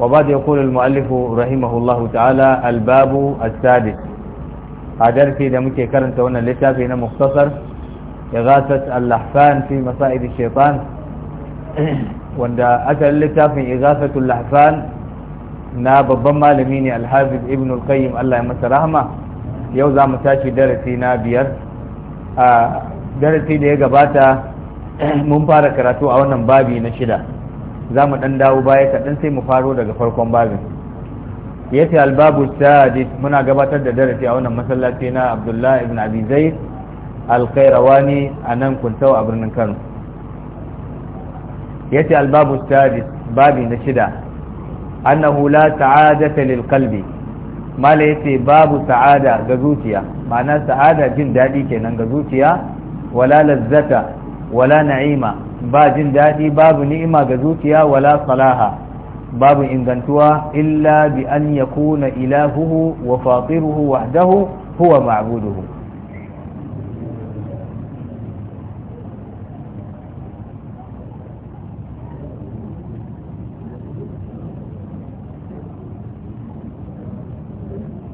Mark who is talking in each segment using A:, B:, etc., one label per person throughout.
A: وبعد يقول المؤلف رحمه الله تعالى الباب السادس أدرسي da muke كرنت وانا لتافي هنا مختصر إغاثة اللحفان في مصائد الشيطان واندا أتى اللتافي إغاثة اللحفان na babban malami ne alhafiz ibn al-qayyim Allah ya masa rahama yau zamu mu tashi darasi na biyar a darasi da ya gabata mun fara karatu a wannan babi na shida za mu ɗan dawo baya kaɗan sai mu faro daga farkon babin ya ce albabu sadi muna gabatar da darasi a wannan masallaci na abdullahi ibn abi zaid alkairawani a nan kuntau a birnin kano ya ce albabu sadi babi na shida annahu la sa'adata lil qalbi mala yace babu sa'ada ga zuciya ma'ana sa'ada jin daɗi kenan ga zuciya wala lazzata wala na'ima ba jin daɗi babu ni'ima ga zuciya wala salaha babu ingantuwa illa bi an yakuna ilahuhu wa fatiruhu wahdahu huwa ma'buduhu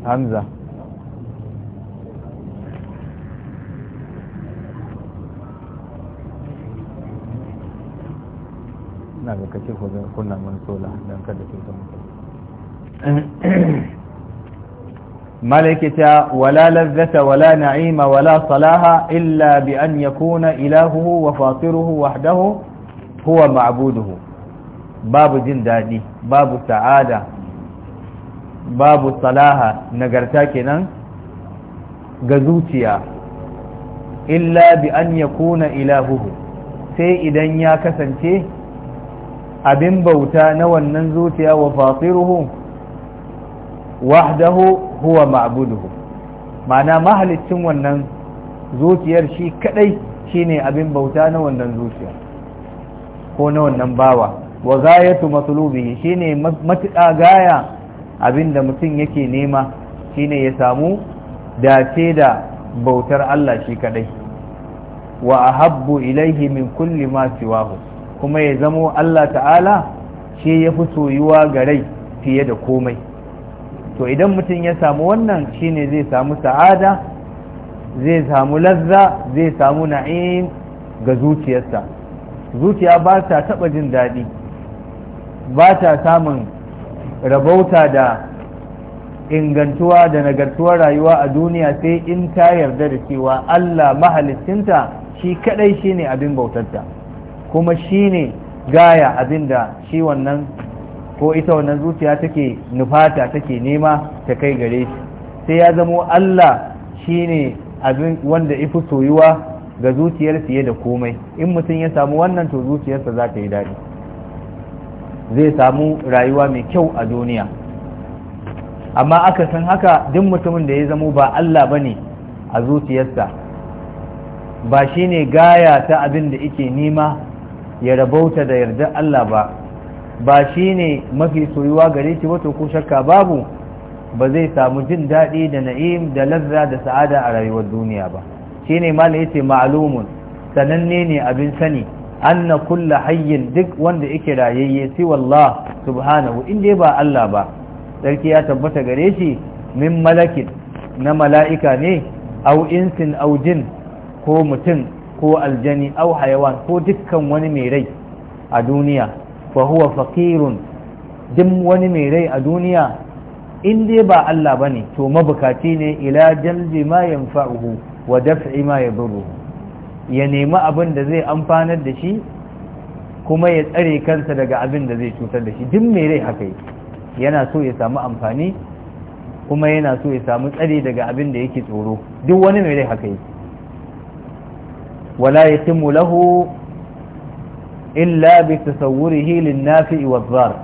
A: Hamza na wala lazzata wala na'ima wala salaha illa bi an yakuna ilahuhu wa fatiruhu wahdahu huwa ma'buduhu babu jin dadi babu sa'ada babu salaha nagarta kenan ga zuciya illa bi an yakuna ilahuhu sai idan ya kasance abin bauta na wannan zuciya wa fasiruhu wahdahu huwa ma'buduhu ma'ana mahalicin wannan zuciyar shi kadai shine abin bauta na wannan zuciya ko na wannan bawa wa gayatu matlubihi shine matuƙa gaya da mutum yake nema shine ya samu dace da bautar Allah shi kadai wa ahabbu ilaihi min kulli ma siwahu kuma ya zamo Allah ta'ala shi ya fi soyuwa ga rai fiye da komai to idan mutum ya samu wannan shine zai samu sa'ada zai samu lazza zai samu na'im ga zuciyarsa zuciya ba ta taɓa jin daɗi ba ta samun rabauta da ingantuwa da nagartuwar rayuwa a duniya sai in ta yarda da cewa Allah mahalicinta shi kadai shine abin bautarta kuma shi ne gaya abin da shi wannan ko ita wannan zuciya take nufata take nema ta kai gare shi sai ya zamo Allah shi ne abin wanda ifi soyuwa ga zuciyar fiye da komai in mutum ya samu wannan to zuciyarsa za ta yi daɗi zai samu rayuwa mai kyau a duniya amma aka san haka duk mutumin da ya zamo ba Allah ba ne a zuciyarsa ba shi ne gaya ta abin da ike nema ya rabauta da yarda Allah ba ba shi ne mafi soyuwa gare shi wato ko shakka babu ba zai samu jin daɗi da na'im da lazza da sa'ada a rayuwar duniya ba shi ne malam yace ma'lumun sananne ne abin sani anna kulla hayyin duk wanda yake rayayye si wallah subhanahu in dai ba Allah ba sarki ya tabbata gare shi min malakin na mala'ika ne au insin au jin ko mutum ko aljani au hayawan ko dukkan wani mai rai a duniya fa huwa faqirun duk wani mai rai a duniya in dai ba Allah bane to mabukaci ne ila jalbi ma yanfa'uhu wa daf'i ma yadurruhu ya nemi abin da zai amfanar da shi kuma ya tsare kansa daga abin da zai cutar da shi duk mai rai haka yana so ya samu amfani kuma yana so ya samu tsare daga abin da yake tsoro duk wani mai rai haka yake ولا يتم له إلا بتصوره للنافع والضار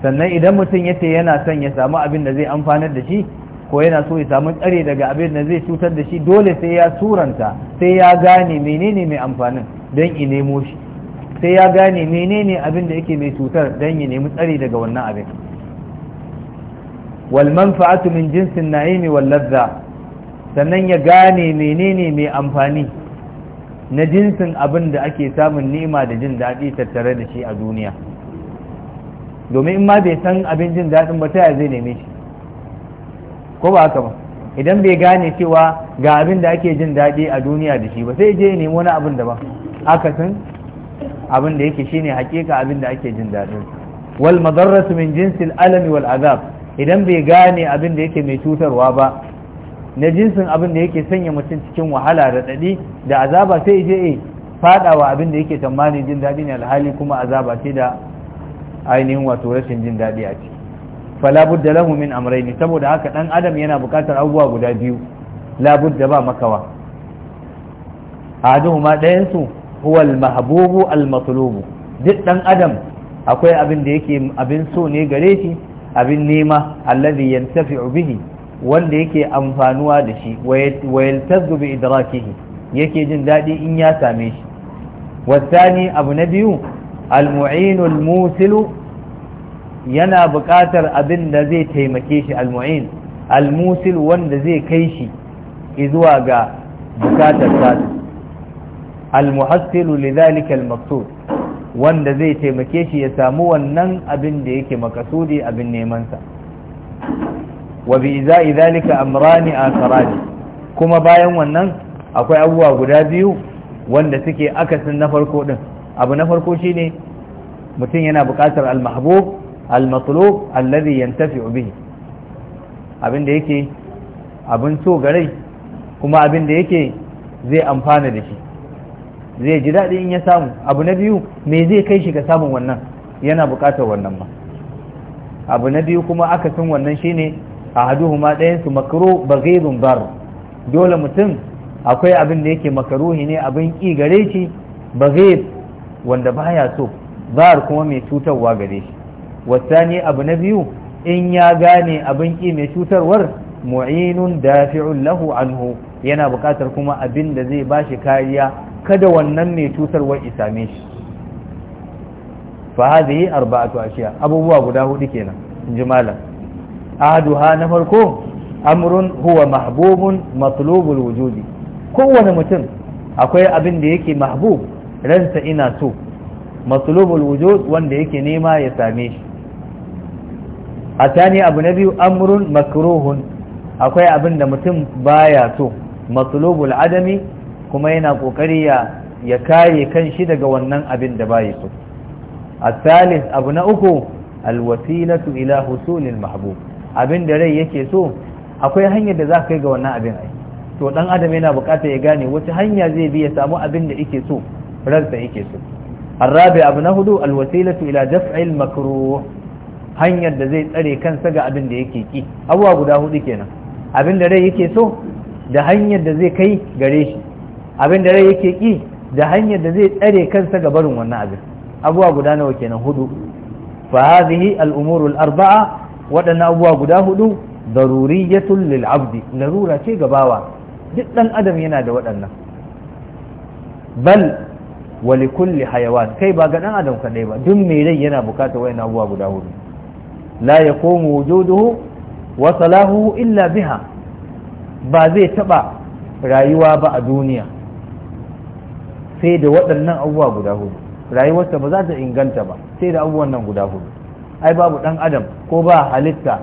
A: sannan idan mutum yace yana son ya samu abin da zai amfanar da shi ko yana so ya samu tsare daga abin da zai cutar da shi dole sai ya suranta sai ya gane menene mai amfanin don ya nemo shi sai ya gane menene abin da yake mai cutar don ya nemi tsare daga wannan abin wal manfa'atu min jinsin na'imi wal ladha sannan ya gane menene mai amfani na jinsin abin da ake samun ni'ima da jin daɗi tattare da shi a duniya domin in ma bai san abin jin daɗin ba ta zai neme shi ko ba haka ba idan bai gane cewa ga abin da ake jin daɗi a duniya da shi ba sai je nemo wani abin da ba akasin abin da yake shine hakika abin da ake jin daɗin wal madarratu min jinsil alami wal azab idan bai gane abin da yake mai cutarwa ba na jinsin abin da yake sanya mutum cikin wahala da ɗaɗi da azaba sai je e fadawa abin da yake tsammanin jin daɗi ne alhali kuma azaba ce da ainihin wato rashin jin daɗi a ciki fala lahu min amrayni saboda haka dan adam yana buƙatar abubuwa guda biyu la ba makawa ahaduhuma ɗayan su huwa mahabubu mahbubu al duk dan adam akwai abin da yake abin so ne gare shi abin nema allazi yantafi'u bihi wanda yake amfanuwa da shi wa bi idrakihi yake jin daɗi in ya same shi wasani abu na biyu al musilu yana buƙatar abin da zai taimake shi al-mu'in wanda zai kai shi zuwa ga buƙatar tasa al-muhassilu lidhalika wanda zai taimake shi ya samu wannan abin da yake makasudi abin nemansa. wa bi iza'i zalika amrani asarani kuma bayan wannan akwai abubuwa guda biyu wanda suke akasin na farko din abu na farko shine mutum yana buƙatar al-mahbub al-matlub alladhi yantafi'u bihi Abinda da yake abin so garai kuma abinda da yake zai amfana da shi zai ji daɗi in ya samu abu na biyu me zai kai shi ga samun wannan yana buƙatar wannan ma abu na biyu kuma akasin wannan shine A ma ɗayan su ba baghidun bar dole mutum akwai abin da yake makaruhi ne abin ƙi gare shi ba baghid wanda baya so bar kuma mai cutarwa gare shi wasani abu na biyu in ya gane abin ƙi mai cutarwar mu'inun dafi'un lahu anhu yana buƙatar kuma abin da zai ba shi kariya kada wannan mai cutarwar same shi fa hadhihi arba'atu ashiya abubuwa guda hudu kenan in ahaduha na farko amrun huwa mahbubun matlubul wujudi kowane mutum akwai abin da yake mahbub ransa ina so matlubul wujud wanda yake nema ya same shi a tani abu na biyu amrun makruhun akwai abin da mutum baya so matlubul adami kuma yana kokari ya ya kan shi daga wannan abin da baya so na uku alwasilatu ila حصول mahbub. abin da rai yake so akwai hanyar da za ka kai ga wannan abin ai to dan adam yana bukata ya gane wace hanya zai bi ya samu abin da yake so ransa yake so arabi abu na hudu alwasilatu ila daf'i almakruh hanyar da zai tsare kansa ga abin da yake ki abuwa guda hudu kenan abin da rai yake so da hanyar da zai kai gare shi abin da rai yake ki da hanyar da zai tsare kansa ga barin wannan abin abuwa guda nawa kenan hudu fa hadhihi al-umuru al-arba'a waɗannan abubuwa guda hudu daruriyatul lil abdi larura ce ga duk ɗan adam yana da waɗannan bal wa kulli hayawan kai ba ga ɗan adam kaɗai ba duk mai rai yana bukata waɗannan abubuwa guda hudu la yaqumu wujuduhu wa salahuhu illa biha ba zai taɓa rayuwa ba a duniya sai da waɗannan abubuwa guda hudu rayuwarsa ba za ta inganta ba sai da abubuwan nan guda hudu ai babu dan adam ko ba halitta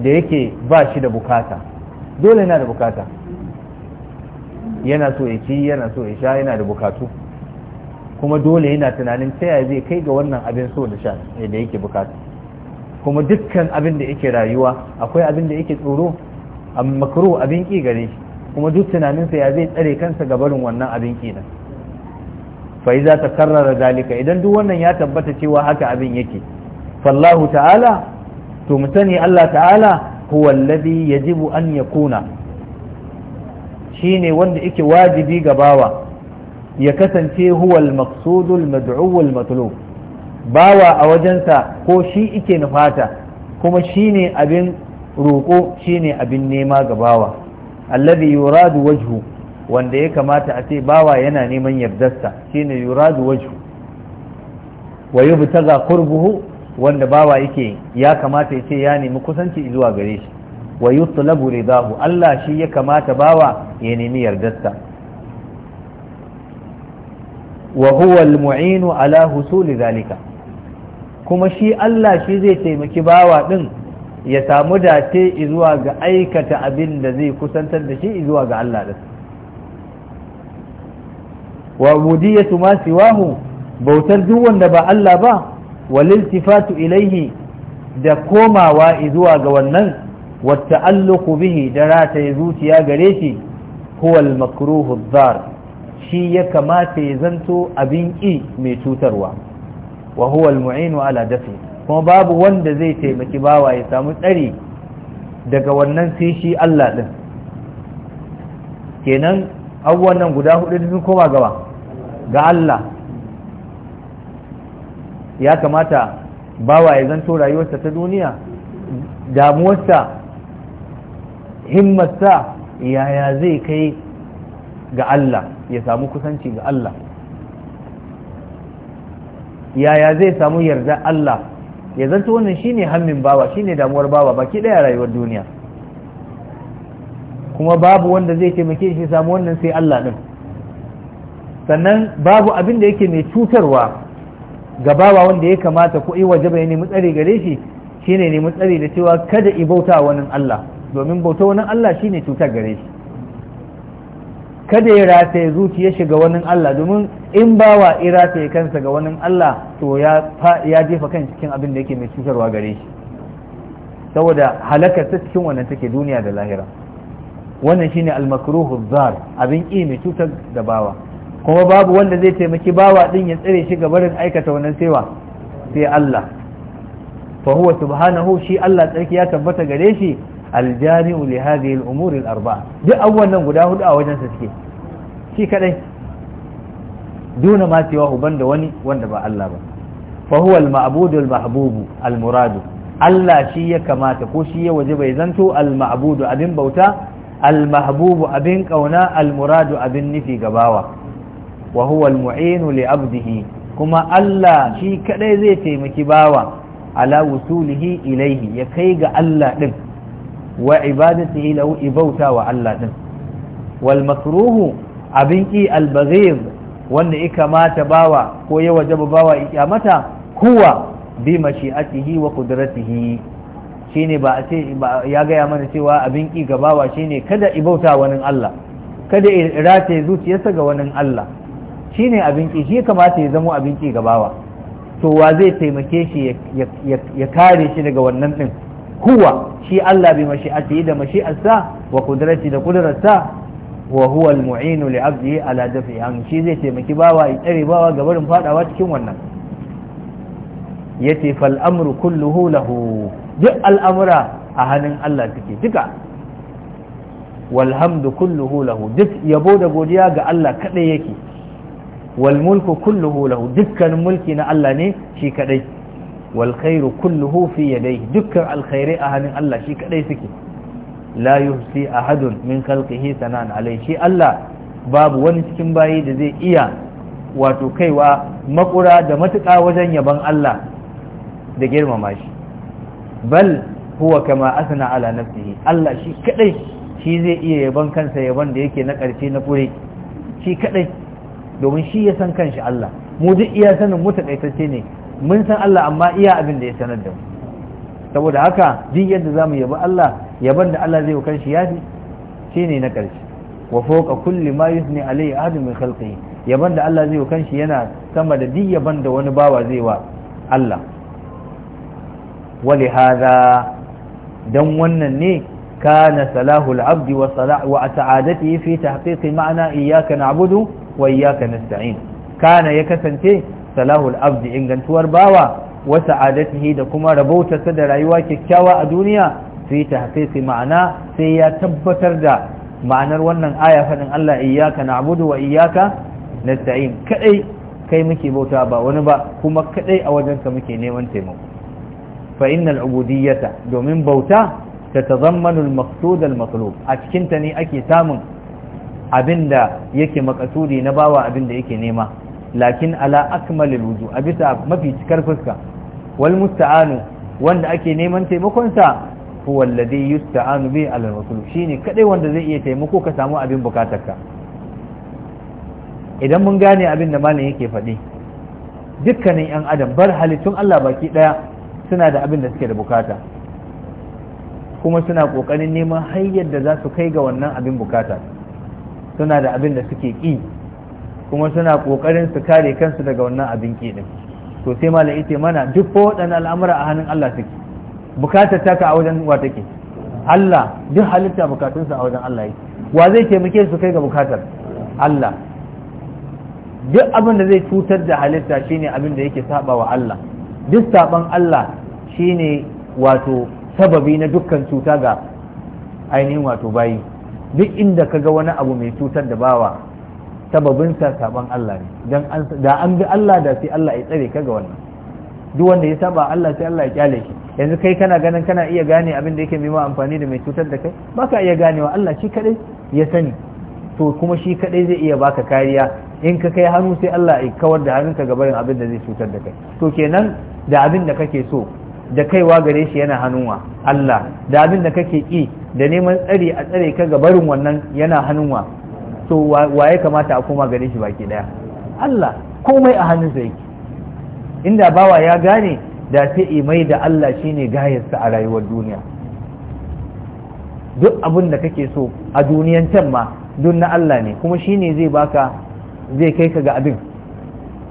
A: da yake ba shi da bukata dole yana da bukata yana so ya ci yana so ya sha yana da bukatu kuma dole yana tunanin ta yaya zai kai ga wannan abin so da sha da yake bukata kuma dukkan abin da yake rayuwa akwai abin da yake tsoro a makaro abin ki gare shi kuma duk tunaninsa ya zai tsare kansa ga barin wannan abin ki nan fa iza takarrara zalika idan duk wannan ya tabbata cewa haka abin yake fallahu ta'ala to mu sani Allah ta'ala huwa alladhi yajibu an yakuna shine wanda yake wajibi ga bawa ya kasance huwa al-maqsudu al-mad'u al-matlub bawa a wajensa ko shi yake nufata kuma shine abin roƙo shine abin nema ga bawa alladhi yuradu wajhu wanda ya kamata a ce bawa yana neman yardarsa shine yuradu wajhu wa yubtaga qurbuhu wanda bawa yake ya kamata ya ce ya nemi kusanci zuwa gare shi wa yutlabu ridahu Allah shi ya kamata bawa ya nemi yardarsa wa huwa al ala husuli zalika kuma shi Allah shi zai taimaki bawa din ya samu dace zuwa ga aikata abin da zai kusantar da shi zuwa ga Allah din wa ubudiyatu ma siwahu bautar duk wanda ba Allah ba wal iltifatu ilaihi da komawa zuwa ga wannan wa ta'alluqu bihi da rataye zuciya gare shi huwa al makruhu dhar shi ya kamata ya zanto abin ƙi mai cutarwa wa huwa al-mu'inu ala dafi kuma babu wanda zai taimaki bawa ya samu tsari daga wannan sai shi Allah din kenan abubuwan nan guda hudu sun koma gaba ga Allah ya kamata bawa ya zanto rayuwarsa ta duniya damuwarsa himmarsa yaya zai kai ga Allah ya samu kusanci ga Allah yaya zai samu yarda Allah ya zanto wannan shine hammin bawa shine damuwar bawa baki daya rayuwar duniya kuma babu wanda zai taimake shi samu wannan sai Allah din sannan babu abin da yake mai cutarwa ga bawa wanda ya kamata ko waje bai nemi tsari gare shi shine nemi tsari da cewa kada i bauta wani Allah domin bauta wani Allah shine cutar gare shi kada ya rata ya zuci ya shiga wani Allah domin in bawa ya rataye kansa ga wani Allah to ya jefa kan cikin abin da yake mai cutarwa gare shi saboda halakar ta cikin wannan take duniya da lahira wannan shine al-makruhu zar abin ƙi mai cutar da bawa kuma babu wanda zai taimaki bawa din ya tsare shi ga barin aikata wannan sewa sai Allah fa huwa subhanahu shi Allah tsarki ya tabbata gare shi aljami'u li hadhihi al-umur al-arba'a duk abubuwan nan guda hudu a wajen sa suke shi kadai duna ma cewa uban da wani wanda ba Allah ba fa huwa al-ma'budu al-mahbubu al-muradu Allah shi ya kamata ko shi ya waje bai zanto al-ma'budu abin bauta al-mahbubu abin kauna al-muradu abin nufi gabawa wa huwa al-mu'inu li 'abdihi kuma Allah shi kadai zai taimaki bawa ala wusulihi ilaihi ya kai ga Allah din wa ibadatihi lahu ibauta wa Allah din wal makruhu abin ki al wanda ya kamata bawa ko ya wajaba bawa ya mata huwa bi mashi'atihi wa qudratihi shine ba a ce ya gaya mana cewa abin ki ga bawa shine kada ibauta wani Allah kada irate zuciyarsa ga wani Allah shi ne abin ƙi shi kamata ya zamo abin ki gabawa to wa zai taimake shi ya kare shi daga wannan ɗin. huwa shi Allah bi mashi'ati da mashi'arsa wa kudrati da kudrarsa wa huwa al-mu'inu li 'abdihi ala dafi an shi zai taimaki bawa ya tsare bawa ga barin fadawa cikin wannan yace fal amru kulluhu lahu duk al'amura a hannun Allah take duka walhamdu kulluhu lahu duk yabo da godiya ga Allah kadai yake wal mulku kulluhu lahu dukkan mulki na Allah ne shi kadai wal khairu kulluhu fi yadayhi dukkan alkhairi a hannun Allah shi kadai suke la yuhsi ahadun min khalqihi sanan alai shi Allah babu wani cikin bayi da zai iya wato kaiwa makura da matuƙa wajen yabon Allah da girmama shi bal huwa kama asana ala nafsihi Allah shi kadai shi zai iya yaban kansa yabon da yake na ƙarshe na ƙure shi kadai domin shi ya san kanshi Allah mu duk iya sanin mu takaitacce ne mun san Allah amma iya abin da ya sanar da mu saboda haka duk yadda zamu yabi Allah yaban da Allah zai wa kanshi yafi shine na ƙarshe wa fawqa kulli ma yusni alayhi ahadun min khalqihi yaban da Allah zai wa kanshi yana sama da duk yaban da wani bawa zai wa Allah wali hada dan wannan ne kana salahul abdi wa salah wa ta'adatihi fi tahqiqi ma'ana iyyaka na'budu wa iyyaka nasta'in kana ya kasance salahul abdi ingantuwar bawa wa sa'adatihi da kuma rabautarsa da rayuwa kyakkyawa a duniya fi tahqiqi ma'ana sai ya tabbatar da ma'anar wannan aya fadin Allah iyyaka na'budu wa iyyaka nasta'in kadai kai muke bauta ba wani ba kuma kadai a wajenka muke neman taimako fa innal ubudiyyata domin bauta ta tazammanu al-maqsud a cikinta ne ake samun abinda yake makasudi na bawa abinda yake nema lakin ala akmalil wuju a bisa mafi cikar fuska wal musta'anu wanda ake neman taimakon sa huwa alladhi yusta'anu bi ala rasul shine kadai wanda zai iya taimako ka samu abin bukatarka idan mun gane abin da malam yake faɗi dukkanin yan adam bar halittun Allah baki daya suna da abin da suke da bukata kuma suna kokarin neman hayyar da za su kai ga wannan abin bukata suna da abin da suke ƙi kuma suna ƙoƙarin su kare kansu daga wannan abin ƙi din to sai malam yace mana duk fa wadana al'amura a hannun Allah suke bukatar ka a wajen wa take Allah duk halitta bukatunsa a wajen Allah yake wa zai taimake su kai ga bukatar Allah duk abin da zai cutar da halitta shine abin da yake saba wa Allah duk saban Allah shine wato sababi na dukkan cuta ga ainihin wato bayi duk inda ka ga wani abu mai cutar da bawa sababinsa saban Allah ne da an bi Allah da sai Allah ya tsare ka ga wannan duk wanda ya saba Allah sai Allah ya kyale shi yanzu kai kana ganin kana iya gane abin da yake mima amfani da mai cutar da kai baka iya ganewa Allah shi kadai ya sani to kuma shi kadai zai iya baka kariya in ka kai hannu sai Allah ya kawar da hannunka ga barin abin da zai cutar da kai to kenan da abin da kake so da kaiwa gare shi yana hannunwa Allah da abin da kake ki da neman tsari a tsare ka ga barin wannan yana hannunwa to waye kamata a koma gare shi baki daya Allah komai a hannunsa yake inda bawa ya gane da sai mai da Allah shine gayarsa a rayuwar duniya duk abin da kake so a duniyan can ma duk na Allah ne kuma shine zai baka zai kai ka ga abin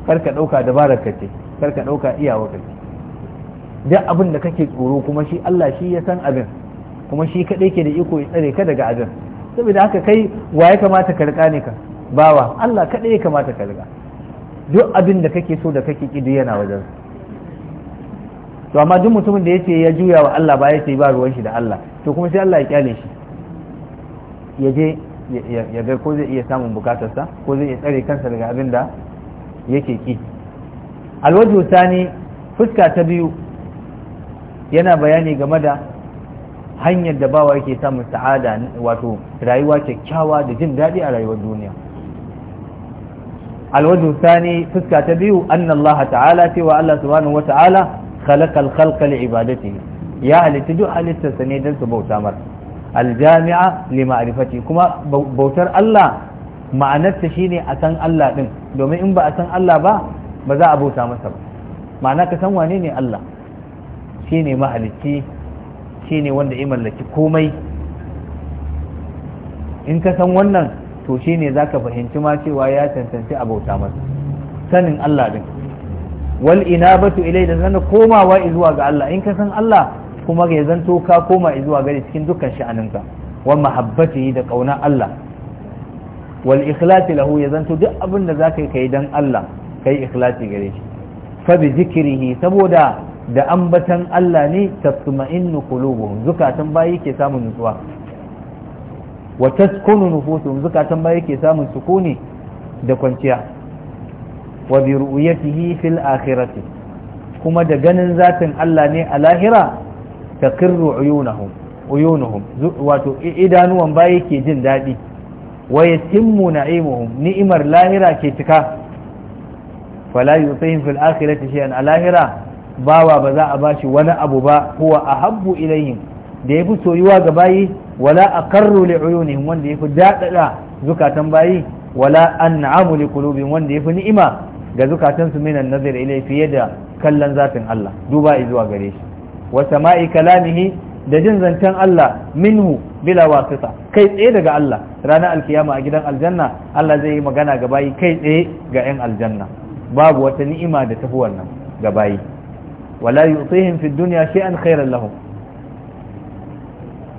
A: karka dauka dabarar ka ce karka dauka iyawar ka ce duk abin da kake tsoro kuma shi Allah shi ya san abin kuma shi kadai ke da iko ya tsare ka daga abin saboda haka kai wa ya kamata ka rika ne ka bawa Allah kadai ya kamata ka rika duk abin da kake so da kake kidu yana wajen to amma duk mutumin da yace ya juya wa Allah ba yace ba ruwan shi da Allah to kuma sai Allah ya kyale shi ya je ya ga ko zai iya samun bukatarsa ko zai iya tsare kansa daga abin da yake ki alwajo sani fuska ta biyu yana bayani game da hanyar da bawa yake samun sa'ada wato rayuwa kyakkyawa da jin daɗi a rayuwar duniya alwajhu sani fuska ta biyu annallaha Allah ta'ala cewa Allah subhanahu wa ta'ala khalaqa khalqa li ibadatihi ya halitta duk halittarsa ne don su bauta mar aljami'a li ma'rifati kuma bautar Allah ma'anarta shine a san Allah din domin in ba a san Allah ba ba za a bauta masa ba ma'ana ka san wane ne Allah Shi ne mahalicci Shi ne wanda ya mallaki komai in ka san wannan to shi ne za ka fahimci ma cewa ya cancanci abauta masa sanin Allah din wal inabatu ilai da zan komawa zuwa ga Allah in ka san Allah kuma ya zanto ka koma zuwa gare cikin dukkan sha'aninka wa mahabbati da kauna Allah wal ikhlasi lahu ya zanto duk abin da zaka kai dan Allah kai ikhlasi gare shi fa bi zikrihi saboda da ambatan Allah ne tatma'innu qulubuhum zukatan bayi ke samun nutsuwa wa taskunu nufusuhum zukatan bayi ke samun sukuni da kwanciya wa bi ru'yatihi fil akhirati kuma da ganin zatin Allah ne a lahira ta taqirru uyunuhum uyunuhum wato idanuwan bayi ke jin dadi wa yatimmu na'imuhum ni'imar lahira ke cika fala yusayhim fil akhirati shay'an a lahira bawa ba za a bashi wani abu ba huwa habbu ilayhim da yafi soyuwa ga bayi wala aqarru li uyunihim wanda yafi dadada zukatan bayi wala an'amu li qulubihim wanda yafi ni'ima ga zukatan su minan nazar fiye da kallon zatin Allah duba zuwa gare shi wa sama'i kalamihi da jin zancen Allah minhu bila wasita kai tsaye daga Allah ranar alkiyama a gidan aljanna Allah zai yi magana ga bayi kai tsaye ga 'yan aljanna babu wata ni'ima da tafi wannan ga bayi ولا يعطيهم في الدنيا شيئا خيرا لهم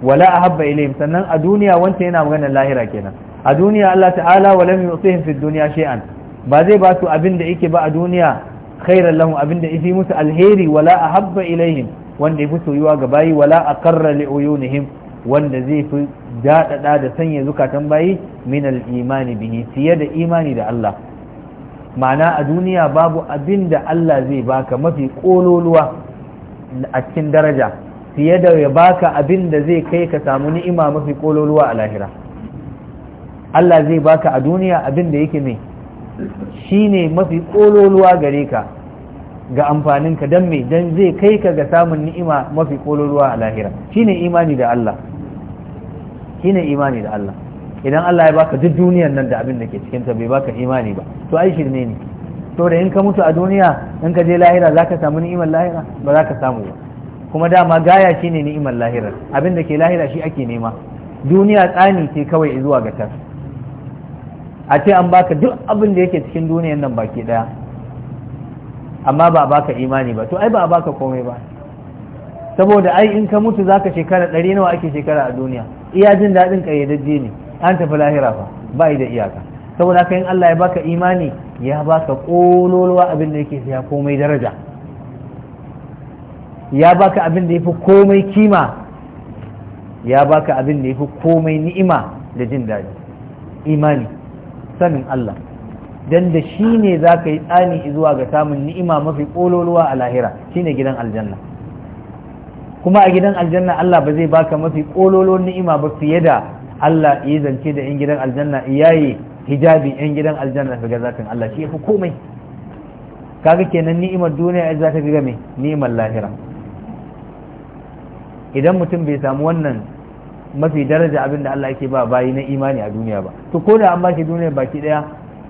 A: ولا أحب إليهم سنن الدنيا وانت هنا مغنى اللاهرة كنا الدنيا الله تعالى ولم يعطيهم في الدنيا شيئا بازي باسو أبن دعيك بقى دنيا خيرا لهم أبن دعيسي موسى الهيري ولا أحب إليهم وان دعيسو يواغ باي ولا أقر لعيونهم وان دعيسو جاءت دادة سنية زكاة باي من الإيمان به سيادة إيماني دا الله ma'ana a duniya babu abin da Allah zai baka mafi kololuwa a cikin daraja fiye da ya baka abin da zai kai ka samu ni'ima mafi kololuwa a lahira Allah zai baka a duniya abin da yake mai shine mafi kololuwa gare ka ga amfanin ka dan mai dan zai kai ka ga samun ni'ima mafi kololuwa a lahira shine imani da Allah shine imani da Allah idan Allah ya baka duk duniyar nan da abin da ke cikinta bai baka imani ba to ai shirme ne to da in ka mutu a duniya in ka je lahira za ka samu ni'imar lahira ba za ka samu ba kuma dama gaya ne ni'imar lahira abin da ke lahira shi ake nema duniya tsani ce kawai zuwa ga can a ce an baka duk abin da yake cikin duniyar nan baki daya amma ba a baka imani ba to ai ba a baka komai ba saboda ai in ka mutu za ka shekara ɗari nawa ake shekara a duniya iya jin daɗin ƙayyadajje ne an tafi lahira fa ba yi da iyaka saboda haka yin Allah ya baka imani ya baka kololuwa abin da yake siya komai daraja ya baka abin da yafi komai kima ya baka abin da yafi komai ni'ima da jin daɗi imani sanin Allah dan da shi ne za ka yi tsani zuwa ga samun ni'ima mafi kololuwa a lahira shine gidan aljanna kuma a gidan aljanna Allah ba zai baka mafi kololuwar ni'ima ba fiye da Allah yi zance da yan gidan aljanna ya yi hijabi yan gidan aljanna daga zatin Allah shi fi komai kaga kenan ni'imar duniya ya za ta fi game ni'imar lahira idan mutum bai samu wannan mafi daraja abin da Allah yake ba bayi na imani a duniya ba to ko da an ba shi duniya baki daya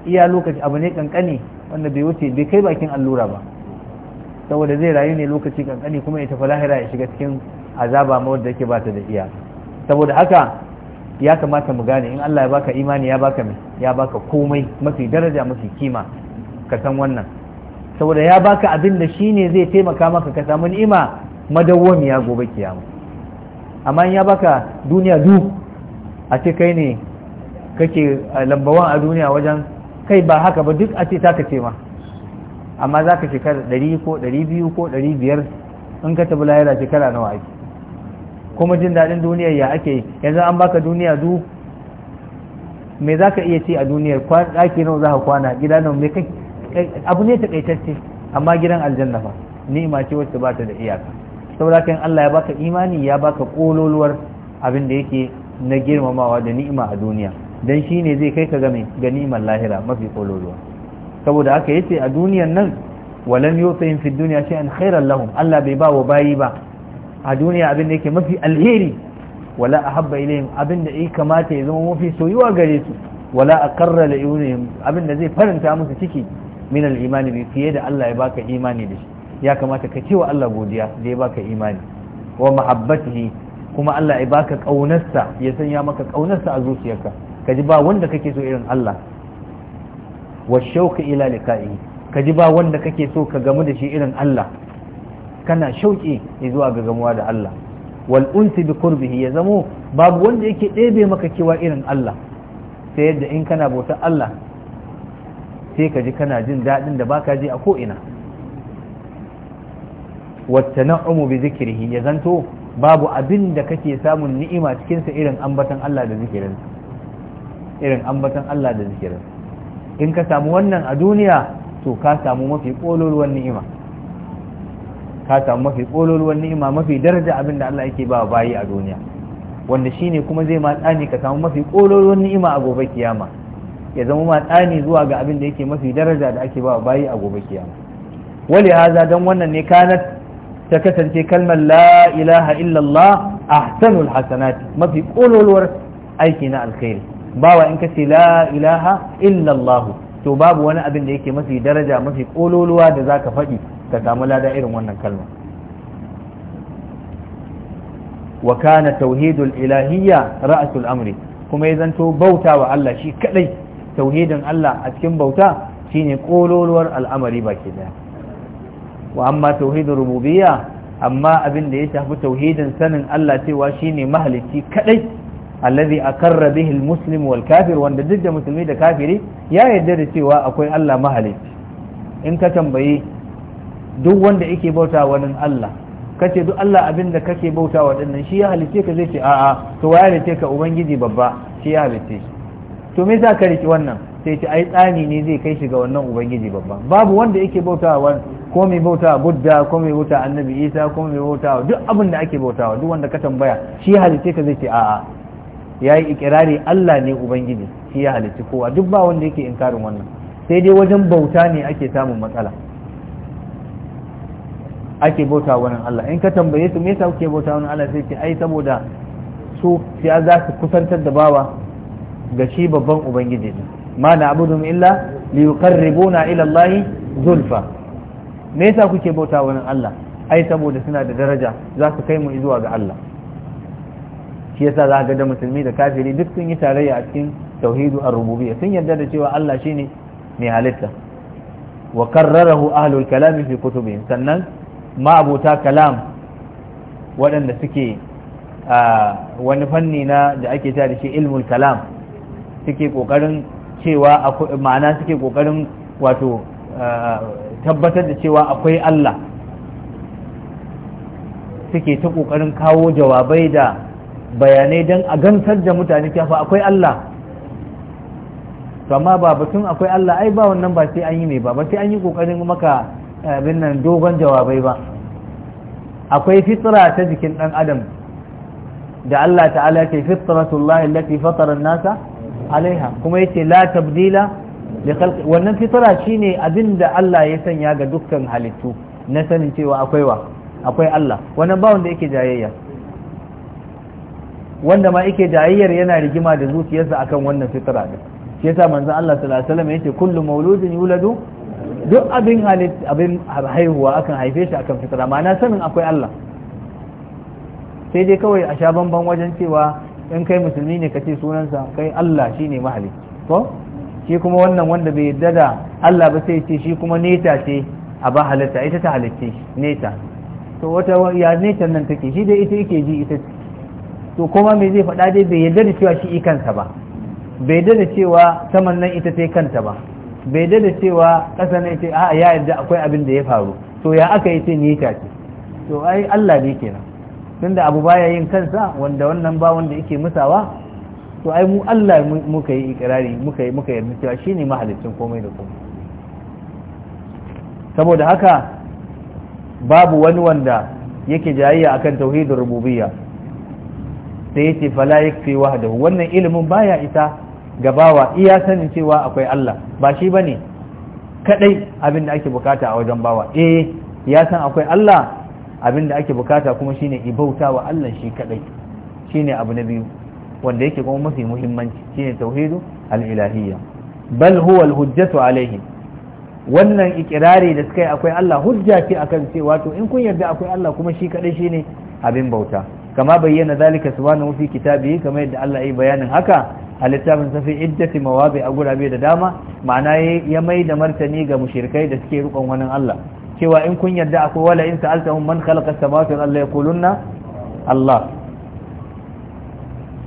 A: iya lokaci abu ne kankani wanda bai wuce bai kai bakin allura ba saboda zai rayu ne lokaci kankani kuma ya tafi lahira ya shiga cikin azaba ma wanda yake ba ta da iya saboda haka ya kamata mu gane in Allah ya baka imani ya baka ya baka komai mafi daraja mafi kima ka san wannan saboda ya baka abin da shine zai taimaka maka ka samu ni'ima madawwamiya gobe kiyama amma in ya baka duniya du a ce kai ne kake lambawan eh, a duniya wajen kai ba haka ba duk a ce taka ce ma amma za ka shekara ɗari ko ɗari biyu ko ɗari biyar in ka tabi lahira shekara nawa ake kuma jin daɗin duniyar ya ake yanzu an baka duniya du me za ka iya ci a duniyar ɗaki nawa za ka kwana gida nawa me kai abu ne ta ƙaitacce. amma gidan aljanna fa ni'ima ce wacce ba ta da iyaka saboda kan Allah ya baka imani ya baka kololuwar abin da yake na girmamawa da ni'ima a duniya dan ne zai kai ka game ga ni'imar lahira mafi kololuwa saboda haka yace a duniyar nan walam yutihim fi dunya shay'an khairan lahum Allah bai ba wa bayi ba a duniya abin da yake mafi alheri wala ahabba ilayhim abin da yake kamata ya zama mafi soyuwa gare su wala aqarra li yunihim abin da zai faranta musu ciki min al-imani fiye da Allah ya baka imani da shi ya kamata ka cewa Allah godiya da ya baka imani wa mahabbatihi kuma Allah ya baka kaunarsa ya sanya maka kaunarsa a zuciyarka ka ji ba wanda kake so irin Allah wa shauqi ila liqa'i ka ji ba wanda kake so ka gamu da shi irin Allah kana shauƙi zuwa ga gamuwa da Allah wal unsi bi qurbihi ya zamo babu wanda yake ɗebe maka kewa irin Allah sai yadda in kana bauta Allah sai ka ji kana jin daɗin da baka ji a ko'ina wata na'umu bi zikirhi ya zanto babu abin da kake samun ni'ima cikinsa irin ambatan Allah da zikirin irin ambatan Allah da zikirin in ka samu wannan a duniya to ka samu mafi ƙololuwan ni'ima ka samu mafi kololuwan ni'ima mafi daraja abin da Allah yake ba bayi a duniya wanda shine kuma zai ma ka samu mafi kololuwan ni'ima a gobe kiyama ya zama ma tsani zuwa ga abin da yake mafi daraja da ake ba bayi a gobe kiyama wali haza dan wannan ne kanat ta kasance kalmar la ilaha illallah ahsanul hasanat mafi kololuwar aiki na alkhairi bawa in kace la ilaha illallah to babu wani abin da yake mafi daraja mafi kololuwa da zaka faɗi ka samu lada irin wannan kalma wa kana tauhidul ilahiyya ra'sul amri kuma ya zanto bauta wa Allah shi kadai tauhidin Allah a cikin bauta shine kololuwar al'amari baki daya wa amma tauhidur rububiyya amma abin da ya shafi tauhidin sanin Allah cewa shine mahalicci kadai allazi akan bihi almuslim wal kafir wanda duk da musulmi da kafiri ya yarda da cewa akwai Allah mahalicci in ka tambayi duk wanda yake bauta wani Allah kace duk Allah abin da kake bauta wa dinnan shi ya halice ka zai ce a'a to wa halice ka ubangiji babba shi ya halice to me za ka riki wannan sai ce ai tsani ne zai kai shi ga wannan ubangiji babba babu wanda yake bauta wa ko mai bauta budda ko mai bauta annabi isa ko mai bauta duk abin da ake wa duk wanda ka tambaya shi ya halice ka zai ce a'a ya yi ikirari Allah ne ubangiji shi ya halice kowa duk ba wanda yake inkarin wannan sai dai wajen bauta ne ake samun matsala ake bauta wani Allah in ka tambaye su me yasa kuke bauta wani Allah sai ce ai saboda su sai za su kusantar da bawa ga shi babban ubangiji ma na abudum illa li yuqarribuna ila Allah zulfa me yasa kuke bauta wani Allah ai saboda suna da daraja za su kai mu zuwa ga Allah shi yasa za ga da musulmi da kafiri duk sun yi tarayya a cikin tauhidu ar-rububiyya sun yarda da cewa Allah shine mai halitta wa karrarahu ahlul kalami fi kutubihim sannan ma'abota kalam waɗanda suke wani fanni na da ake ta da shi ilmul kalam suke ƙoƙarin cewa ma'ana suke ƙoƙarin wato tabbatar da cewa akwai Allah suke ta ƙoƙarin kawo jawabai da bayanai don a gamsar da mutane cewa akwai Allah amma ba batun akwai Allah ai ba wannan ba sai an yi mai ba ba sai an yi ƙoƙarin maka abin nan dogon jawabai ba akwai fitra ta jikin dan adam da Allah ta'ala ke fitratullah allati fatara an-nasa alaiha kuma yace la tabdila li khalqi wannan fitra shine abinda Allah ya sanya ga dukkan halittu na sanin cewa akwai wa akwai Allah wannan ba wanda yake jayayya wanda ma yake jayayyar yana rigima da zuciyarsa akan wannan fitra din shi yasa manzon Allah sallallahu alaihi wasallam yace kullu mauludin yuladu duk abin abin haihuwa akan haife shi akan fitra ma'ana sanin akwai Allah sai dai kawai a sha bamban wajen cewa in kai musulmi ne ka ce sunansa kai Allah shi ne mahali ko shi kuma wannan wanda bai yadda da Allah ba sai ce shi kuma neta ce a ba halitta ita ta halitta neta to wata ya netan nan take shi dai ita yake ji ita to kuma me zai faɗa dai bai yadda da cewa shi ikansa ba bai yadda da cewa saman nan ita ta kanta ba bai da cewa ƙasa ne ce a ya yarda akwai abin da ya faru to ya aka yi ce ni ta ce to ai Allah ne kenan tunda abu baya yin kansa wanda wannan ba wanda yake musawa to ai mu Allah muka yi ikirari muka yi muka yarda cewa shine mahalicin komai da komai saboda haka babu wani wanda yake jayayya akan tauhidur rububiyya sai ce fala yakfi wahdahu wannan ilimin baya isa gabawa iya sanin cewa akwai Allah ba shi bane kadai abin da ake bukata a wajen bawa eh ya san akwai Allah abin da ake bukata kuma shine ibauta wa Allah shi kadai shine abu na biyu wanda yake kuma mafi muhimmanci shine tauhidu al-ilahiyya bal huwa al-hujjatu alaihim wannan ikirari da suka yi akwai Allah hujja ce akan cewa to in kun yarda akwai Allah kuma shi kadai shine abin bauta kama bayyana zalika subhanahu fi kitabihi kamar yadda Allah ya yi bayanin haka a littafin safi iddati mawabi a gurabe da dama ma'ana ya mai da martani ga mushrikai da suke rukon wani Allah cewa in kun yadda akwai wala in sa'altahum man khalaqa samawati wal arda yaquluna Allah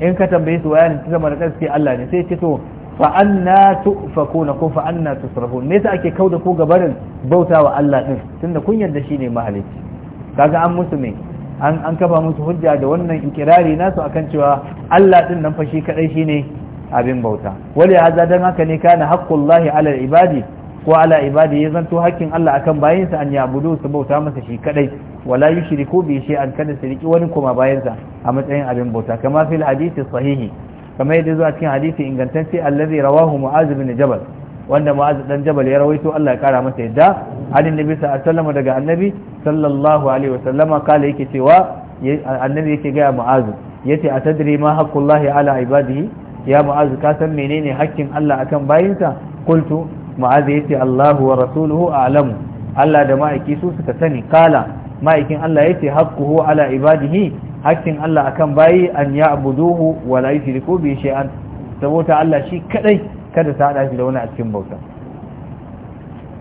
A: in ka tambaye su wayan ta da gaske Allah ne sai ce to fa anna tufakuna ko fa anna tusrafun me yasa ake kauda ko gabarin bautawa Allah din tunda kun yarda shine mahalicci kaga an musu an kafa musu hujja da wannan ikirari nasu akan cewa Allah din nan fa shi kadai shine abin bauta wali hadza dan haka ne kana haqqullahi ala ibadi ko ala ibadi ya zanto hakkin Allah akan bayinsa an yabudu su bauta masa shi kadai wala yushriku bi shay'an kada su riki wani kuma bayansa a matsayin abin bauta kama fil hadisi sahihi kama yadda zuwa cikin hadisi ingantacce allazi rawahu mu'az bin jabal wanda ma'azu dan jabal ya rawaito Allah ya kara masa yadda hadin nabi sallama daga annabi sallallahu alaihi wasallama kala yake cewa annabi yake ga ma'az yace atadri ma haqqullahi ala ibadihi ya ma'azu. ka san menene haƙƙin Allah akan bayinsa qultu ma'az yace Allahu wa rasuluhu a'lamu Allah da ma'aiki su suka sani kala ma'aikin Allah yace haqquhu ala ibadihi haƙƙin Allah akan bayi an ya'buduhu wa la yushriku bi shay'an saboda Allah shi kadai kada ta hada shi da wani a cikin bauta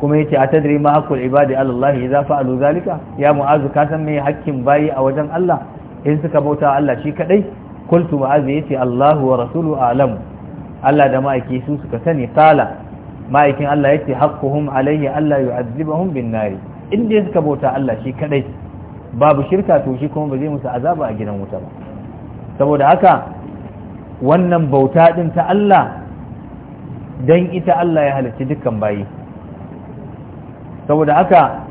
A: kuma yace a tadri ma haqqul ibadi ala Allah idza fa'alu zalika ya mu'azu ka san me hakkin bayi a wajen Allah in suka bauta Allah shi kadai qultu mu'azu yace Allahu wa rasulu a'lamu Allah da ma'aiki su suka sani qala ma'aikin Allah yace haqquhum alayhi alla yu'adhibahum bin nar in dai suka bauta Allah shi kadai babu shirka to shi kuma ba zai musu azaba a gidan wuta ba saboda haka wannan bauta din ta Allah Dan ita Allah ya halarci dukkan bayi saboda haka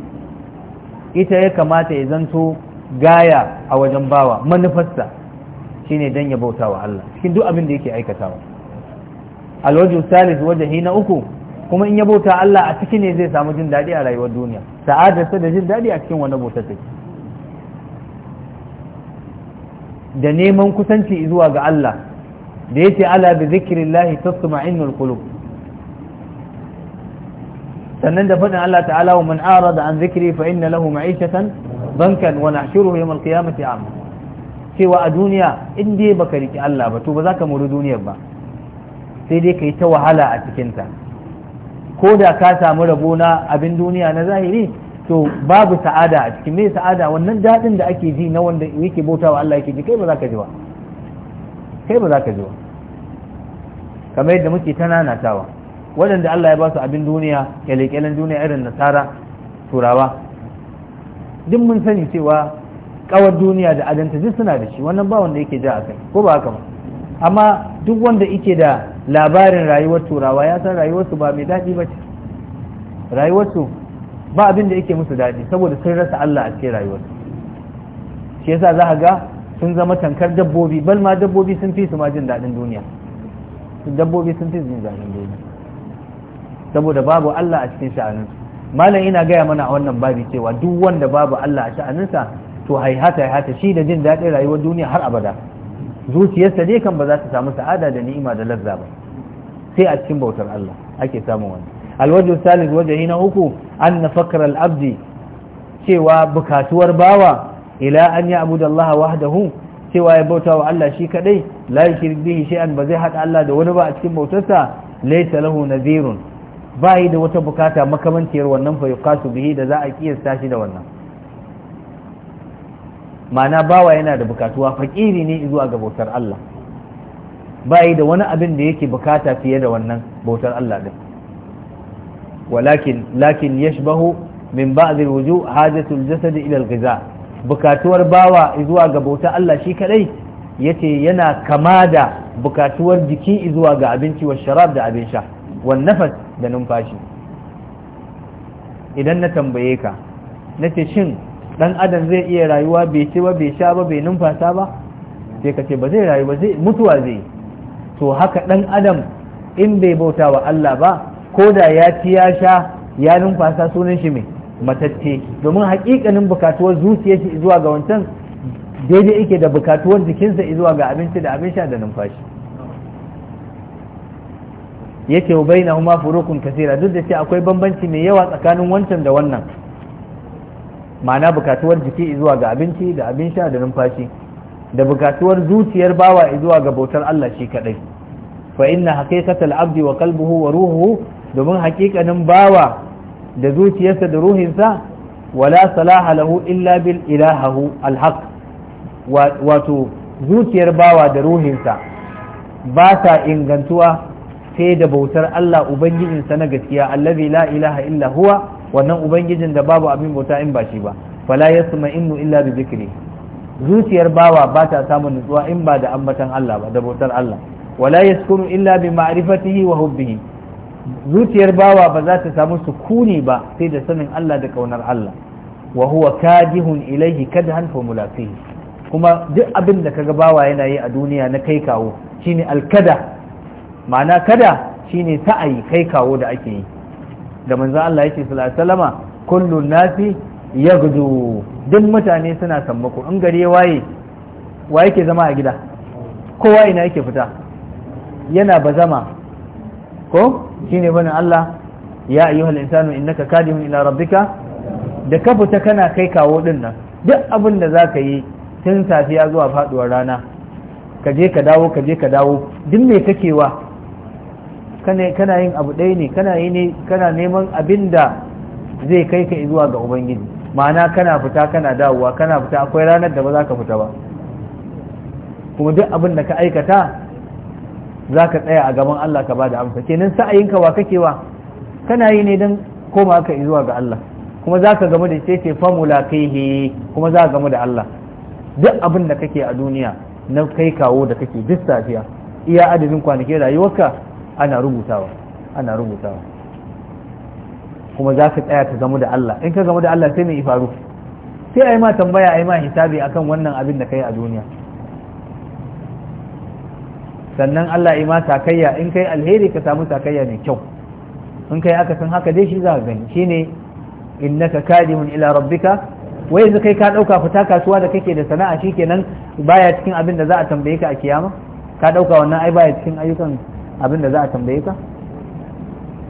A: ita ya kamata ya zanto gaya a wajen bawa manufarsa shine don ya bauta wa Allah cikin duk abin da yake aikatawa alwajin salis wajahi na uku kuma in ya bauta Allah a ciki ne zai samu jin daɗi a rayuwar duniya sa'adarsa da jin daɗi a cikin wani bautar take da neman kusanci zuwa ga Allah da yace ala bi zikrillah tatma'innul qulub sannan da faɗin Allah ta'ala wa man arada an zikri fa inna lahu ma'ishatan bankan wa nahshuruhu yawm al-qiyamati am cewa a duniya in dai baka riki Allah ba to ba za ka muri duniyar ba sai dai kai ta wahala a cikin ta ko da ka samu rabo na abin duniya na zahiri to babu sa'ada a cikin me sa'ada wannan dadin da ake ji na wanda yake bautawa Allah yake ji kai ba za ka ji ba kai ba za ka ji ba kamar yadda muke ta nanatawa waɗanda Allah ya ba su abin duniya kyalekyalen duniya irin nasara turawa duk mun sani cewa kawar duniya da adanta duk suna da shi wannan ba wanda yake ja a kai ko ba haka ba amma duk wanda yake da labarin rayuwar turawa ya san rayuwarsu ba mai daɗi ba ce rayuwarsu ba abin da yake musu daɗi saboda sun rasa Allah a cikin rayuwarsu shi yasa za ga sun zama tankar dabbobi bal ma dabbobi sun fi su ma jin daɗin duniya dabbobi sun fi su jin daɗin duniya saboda babu Allah a cikin sha'aninsu malam ina gaya mana a wannan babi cewa duk wanda babu Allah a sha'aninsa to haihata haihata shi da jin daɗin rayuwar duniya har abada zuciyarsa dai kan ba za ta samu sa'ada da ni'ima da lazza ba sai a cikin bautar Allah ake samun wannan alwajhu salis waje na uku an fakr abdi cewa bukatuwar bawa ila an ya'budu Allah wahdahu cewa ya bauta wa Allah shi kaɗai, la yushrik bihi ba zai haɗa Allah da wani ba a cikin bautarsa laysa lahu nadhirun ba yi da wata bukata makamanciyar wannan fa yuqasu bihi da za a kiyasta shi da wannan Mana bawa yana da bukatuwa fakiri ne zuwa ga bautar Allah ba yi da wani abin da yake bukata fiye da wannan bautar Allah din walakin lakin yashbahu min ba'd alwuju hajatu aljasad ila alghiza bukatuwar bawa zuwa ga bautar Allah shi kadai yace yana kama da bukatuwar jiki zuwa ga abinci wa sharab da abin sha wan nafas da numfashi idan na tambaye ka na ce shin dan adam zai iya rayuwa bai ce ba bai sha ba bai numfasa ba sai ka ce ba zai rayu ba zai mutuwa zai to haka dan adam in bai bauta wa Allah ba ko da ya ci ya sha ya numfasa sunan shi mai matatte domin hakikanin bukatuwar zuciyar shi zuwa ga wancan daidai yake da bukatuwar jikinsa zuwa ga abinci da abin sha da numfashi yake wa huma furukun kasira duk da ce akwai bambanci mai yawa tsakanin wancan da wannan ma'ana bukatuwar jiki zuwa ga abinci da abin sha da numfashi da bukatuwar zuciyar bawa zuwa ga bautar Allah shi kadai fa inna haqiqatal abdi wa qalbuhu wa ruhuhu domin haƙiƙanin bawa da zuciyarsa da ruhinsa wala salaha lahu illa bil al alhaq wato zuciyar bawa da ruhinsa ba ta ingantuwa sai da bautar Allah ubangijinsa na gaskiya allazi la ilaha illa huwa wannan ubangijin da babu abin bauta in ba shi ba fala innu illa bi zikri zuciyar bawa ba ta samun nutsuwa in ba da ambatan Allah ba da bautar Allah wala yaskunu illa bi ma'rifatihi wa hubbihi zuciyar bawa ba za ta samu sukuni ba sai da sanin Allah da kaunar Allah wa huwa kadihun ilaihi kadhan fa mulaqihi kuma duk abin da kaga bawa yana yi a duniya na kai kawo shine alkada ma'ana kada shine sa'ayi kai kawo da ake yi da manzon Allah yake sallallahu kullum wasallama kullun nasi gudu. duk mutane suna sammako in gare waye wa yake zama a gida kowa ina yake fita yana bazama ko shine bane Allah ya ayyuhal insanu innaka kadihun ila rabbika da ka fita kana kai kawo din nan duk abin da ka yi tun safiya zuwa faduwar rana ka je ka dawo ka je ka dawo duk me kakewa kana yin abu ɗaya ne kana yi ne kana neman abin da zai kai ka zuwa ga ubangiji ma'ana kana fita kana dawowa kana fita akwai ranar da ba za ka fita ba kuma duk abin da ka aikata za ka tsaya a gaban Allah ka ba da amsa kenan sa'ayin ka wa kake wa kana yi ne don koma ka zuwa ga Allah kuma za ka gamu da ce ce famula kai kuma za ka gamu da Allah duk abin da kake a duniya na kai kawo da kake duk safiya iya adadin kwanakin rayuwarka ana rubutawa ana rubutawa kuma za ka tsaya ka gamu da Allah in ka gamu da Allah sai mai faru sai a yi ma tambaya a yi ma hisabi akan wannan abin da ka yi a duniya sannan Allah yi ma sakayya in kai alheri ka samu sakayya mai kyau in kai aka san haka dai shi za ka gani shine innaka kadihun ila rabbika wai yanzu kai ka dauka fita kasuwa da kake da sana'a shikenan baya cikin abin da za a tambaye ka a kiyama ka dauka wannan ai baya cikin ayyukan abin da za a tambaye ka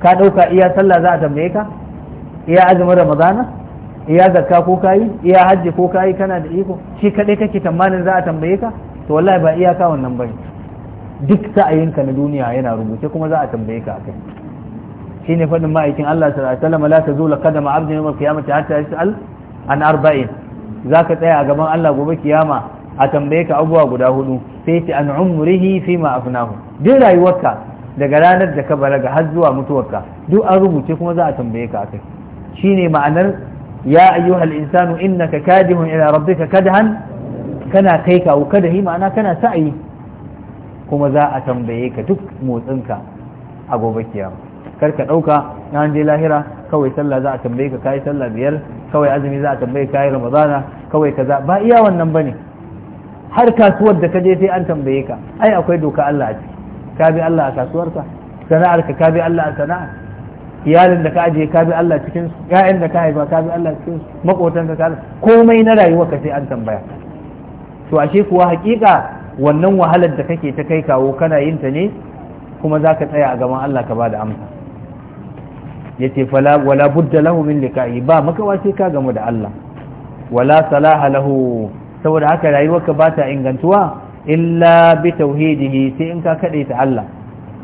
A: ka ɗauka iya sallah za a tambaye ka iya azumin ramadana iya zakka ko kayi iya hajji ko kayi kana da iko shi kaɗai kake tamanin za a tambaye ka to wallahi ba iyaka wannan bane duk sa'ayinka na duniya yana rubuce kuma za a tambaye ka akai shine faɗin ma'aikin Allah sallallahu alaihi wasallam la tazula qadama abdin yawm al-qiyamati hatta yas'al an arba'in zaka tsaya a gaban Allah gobe kiyama a tambaye ka abubuwa guda hudu sai ce an umrihi fi ma afnahu duk rayuwarka daga ranar da ka balaga har zuwa mutuwarka duk an rubuce kuma za a tambaye ka akai shine ma'anar ya ayyuhal insanu innaka kadihun ila rabbika kadhan kana kai da hi ma'ana kana sa'ayi kuma za a tambaye ka duk motsinka a gobe kiyama kar ka dauka na an je lahira kawai sallah za a tambaye ka kai sallah biyar kawai azumi za a tambaye ka kai ramadana kawai kaza ba iya wannan bane har kasuwar da ka je sai an tambaye ka ai akwai doka Allah a ciki ka bi Allah a kasuwarka sana'ar ka ka bi Allah a sana'a iyalin da ka aje ka bi Allah cikin su ga'in da ka haifa ka bi Allah cikin su makotan ka ka komai na rayuwa ka sai an tambaya to ashe kuwa hakika wannan wahalar da kake ta kai kawo kana yin ta ne kuma zaka tsaya a gaban Allah ka bada amsa yace fala wala budda lahu min liqa'i ba makawa sai ka gamu da Allah wala salaha lahu saboda haka rayuwarka ba ta ingantuwa illa bi tauhidihi sai in ka kadaita Allah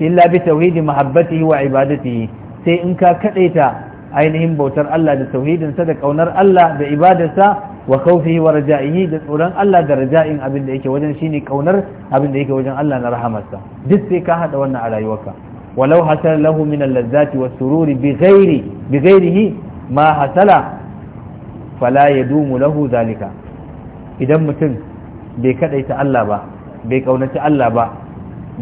A: illa bi tauhidi mahabbatihi wa ibadatihi sai in ka kadaita ainihin bautar Allah da tauhidin sa da kaunar Allah da ibadarsa wa khawfihi wa raja'ihi da tsoron Allah da raja'in abin da yake wajen shine kaunar abin da yake wajen Allah na rahamarsa duk sai ka hada wannan a rayuwarka walau hasala lahu min al-lazzati was-sururi bi ghairi bi ghairihi ma hasala lahu dhalika idan mutum bai kadaita Allah ba bai ƙaunaci Allah ba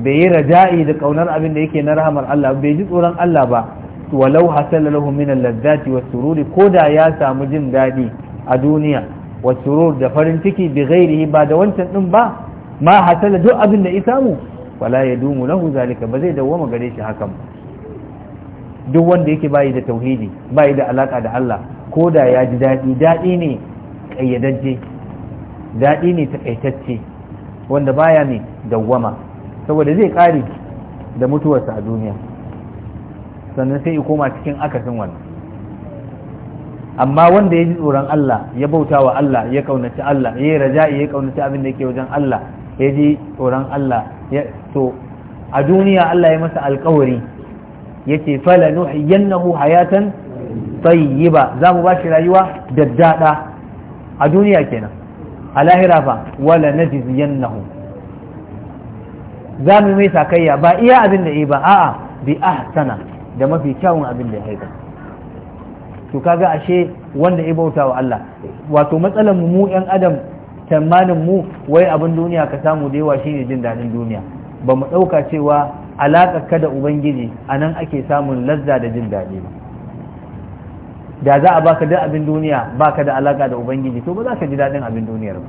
A: bai yi raja'i da ƙaunar abin da yake na rahamar Allah bai ji tsoron Allah ba walau hasala lahu min al-ladzati was surur koda ya samu jin dadi a duniya was-surur da farin ciki bi ghairihi ba da wancan din ba ma hasala duk abin da ya samu wala yadumu lahu zalika ba zai dawo gare shi hakan duk wanda yake bayi da tauhidi bayi da alaka da Allah koda ya ji dadi dadi ne kayyadajje daɗi ne takaitacce wanda baya mai dawwama saboda zai ƙari da mutuwarsa a duniya sannan sai ya koma cikin akasin wannan amma wanda ya ji tsoron Allah ya bauta wa Allah ya kaunaci Allah ya yi raja'i ya kaunaci abin da yake wajen Allah ya ji tsoron Allah ya to a duniya Allah ya masa alkawari ya ce fala nuhyiyannahu hayatan tayyiba za mu ba shi rayuwa da daddada a duniya kenan a lahira fa wala najziyannahum za mu mai sakayya ba iya abin da yi ba a'a bi ahsana da mafi kyawun abin da ya haifar to kaga ashe wanda ya bauta wa Allah wato matsalar mu yan adam tamanin mu wai abin duniya ka samu da yawa shine jin dadin duniya ba mu dauka cewa alaƙa ka da ubangiji anan ake samun lazza da jin dadi ba da za a baka da abin duniya baka da alaka da ubangiji to ba za ka ji daɗin abin duniyar ba